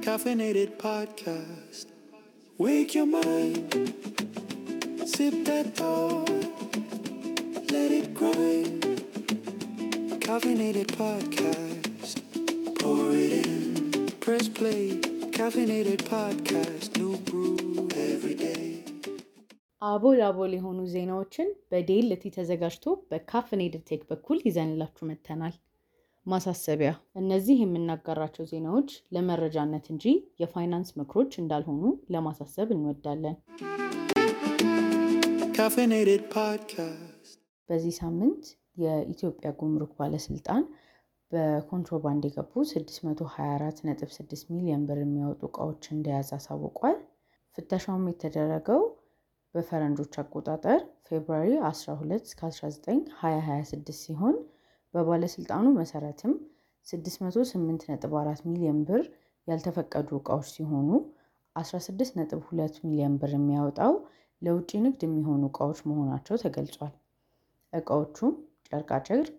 Caffeinated podcast. Wake your mind. Sip that thought. Let it grind. Caffeinated podcast. Press play, caffeinated podcast, new brew every day. አቦል አቦል የሆኑ ዜናዎችን በዴልቲ ተዘጋጅቶ በካፍኔድ ቴክ በኩል ይዘንላችሁ መጥተናል። ማሳሰቢያ፣ እነዚህ የምናጋራቸው ዜናዎች ለመረጃነት እንጂ የፋይናንስ ምክሮች እንዳልሆኑ ለማሳሰብ እንወዳለን። በዚህ ሳምንት የኢትዮጵያ ጉምሩክ ባለስልጣን በኮንትሮባንድ የገቡ 624.6 ሚሊዮን ብር የሚያወጡ እቃዎች እንደያዘ አሳውቋል። ፍተሻውም የተደረገው በፈረንጆች አቆጣጠር ፌብሩዋሪ 12-19/2026 ሲሆን በባለስልጣኑ መሰረትም 608.4 ሚሊዮን ብር ያልተፈቀዱ እቃዎች ሲሆኑ 16.2 ሚሊዮን ብር የሚያወጣው ለውጭ ንግድ የሚሆኑ እቃዎች መሆናቸው ተገልጿል። እቃዎቹም ጨርቃጨርቅ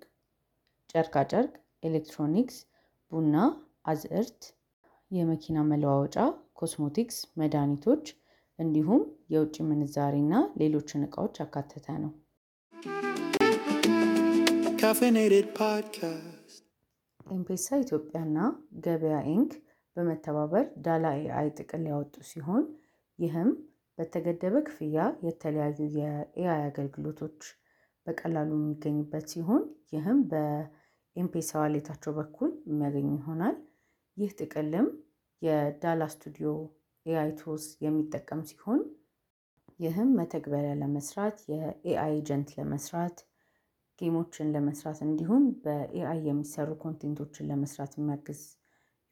ጨርቃጨርቅ ኤሌክትሮኒክስ፣ ቡና፣ አዝዕርት፣ የመኪና መለዋወጫ፣ ኮስሞቲክስ፣ መድኃኒቶች እንዲሁም የውጭ ምንዛሬና ሌሎችን እቃዎች ያካተተ ነው። ኤምፔሳ ኢትዮጵያና ገበያ ኢንክ በመተባበር ዳላ ኤአይ ጥቅል ያወጡ ሲሆን ይህም በተገደበ ክፍያ የተለያዩ የኤአይ አገልግሎቶች በቀላሉ የሚገኝበት ሲሆን ይህም በ ኤምፔሳ ዋሌታቸው በኩል የሚያገኙ ይሆናል። ይህ ጥቅልም የዳላ ስቱዲዮ ኤአይ ቱልስ የሚጠቀም ሲሆን ይህም መተግበሪያ ለመስራት የኤአይ ኤጀንት ለመስራት ጌሞችን ለመስራት እንዲሁም በኤአይ የሚሰሩ ኮንቴንቶችን ለመስራት የሚያግዝ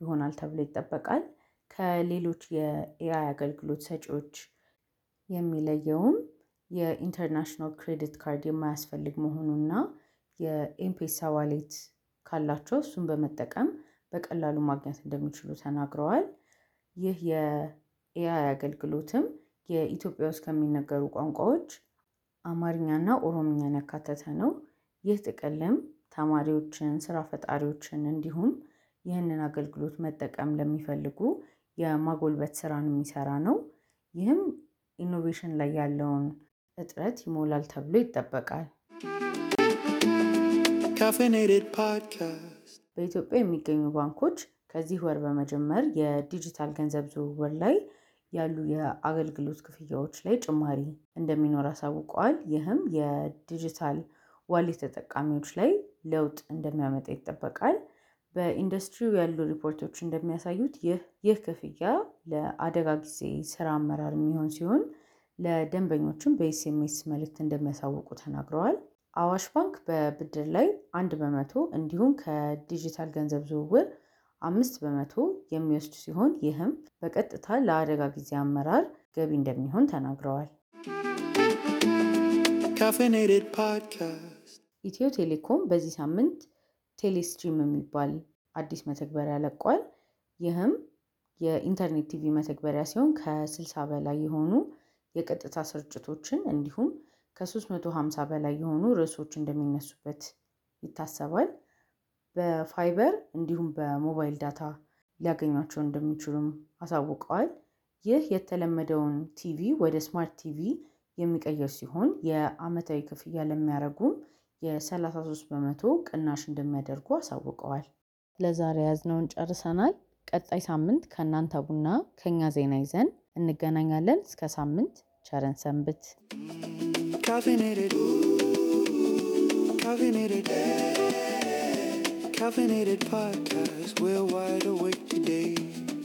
ይሆናል ተብሎ ይጠበቃል። ከሌሎች የኤአይ አገልግሎት ሰጪዎች የሚለየውም የኢንተርናሽናል ክሬዲት ካርድ የማያስፈልግ መሆኑና የኤምፔሳ ዋሌት ካላቸው እሱን በመጠቀም በቀላሉ ማግኘት እንደሚችሉ ተናግረዋል። ይህ የኤአይ አገልግሎትም የኢትዮጵያ ውስጥ ከሚነገሩ ቋንቋዎች አማርኛና ኦሮምኛን ያካተተ ነው። ይህ ጥቅልም ተማሪዎችን፣ ስራ ፈጣሪዎችን እንዲሁም ይህንን አገልግሎት መጠቀም ለሚፈልጉ የማጎልበት ስራን የሚሰራ ነው። ይህም ኢኖቬሽን ላይ ያለውን እጥረት ይሞላል ተብሎ ይጠበቃል። በኢትዮጵያ የሚገኙ ባንኮች ከዚህ ወር በመጀመር የዲጂታል ገንዘብ ዝውውር ላይ ያሉ የአገልግሎት ክፍያዎች ላይ ጭማሪ እንደሚኖር አሳውቀዋል። ይህም የዲጂታል ዋሌት ተጠቃሚዎች ላይ ለውጥ እንደሚያመጣ ይጠበቃል። በኢንዱስትሪው ያሉ ሪፖርቶች እንደሚያሳዩት ይህ ክፍያ ለአደጋ ጊዜ ስራ አመራር የሚሆን ሲሆን ለደንበኞችም በኤስኤምኤስ መልእክት እንደሚያሳውቁ ተናግረዋል። አዋሽ ባንክ በብድር ላይ አንድ በመቶ እንዲሁም ከዲጂታል ገንዘብ ዝውውር አምስት በመቶ የሚወስድ ሲሆን ይህም በቀጥታ ለአደጋ ጊዜ አመራር ገቢ እንደሚሆን ተናግረዋል። ኢትዮ ቴሌኮም በዚህ ሳምንት ቴሌስትሪም የሚባል አዲስ መተግበሪያ ለቋል። ይህም የኢንተርኔት ቲቪ መተግበሪያ ሲሆን ከ60 በላይ የሆኑ የቀጥታ ስርጭቶችን እንዲሁም ከ350 በላይ የሆኑ ርዕሶች እንደሚነሱበት ይታሰባል። በፋይበር እንዲሁም በሞባይል ዳታ ሊያገኟቸው እንደሚችሉም አሳውቀዋል። ይህ የተለመደውን ቲቪ ወደ ስማርት ቲቪ የሚቀየር ሲሆን የአመታዊ ክፍያ ለሚያደርጉም የ33 በመቶ ቅናሽ እንደሚያደርጉ አሳውቀዋል። ለዛሬ ያዝነውን ጨርሰናል። ቀጣይ ሳምንት ከእናንተ ቡና ከእኛ ዜና ይዘን እንገናኛለን። እስከ ሳምንት ቸረን ሰንብት። Caffeinated. Caffeinated. Caffeinated podcast. We're wide awake today.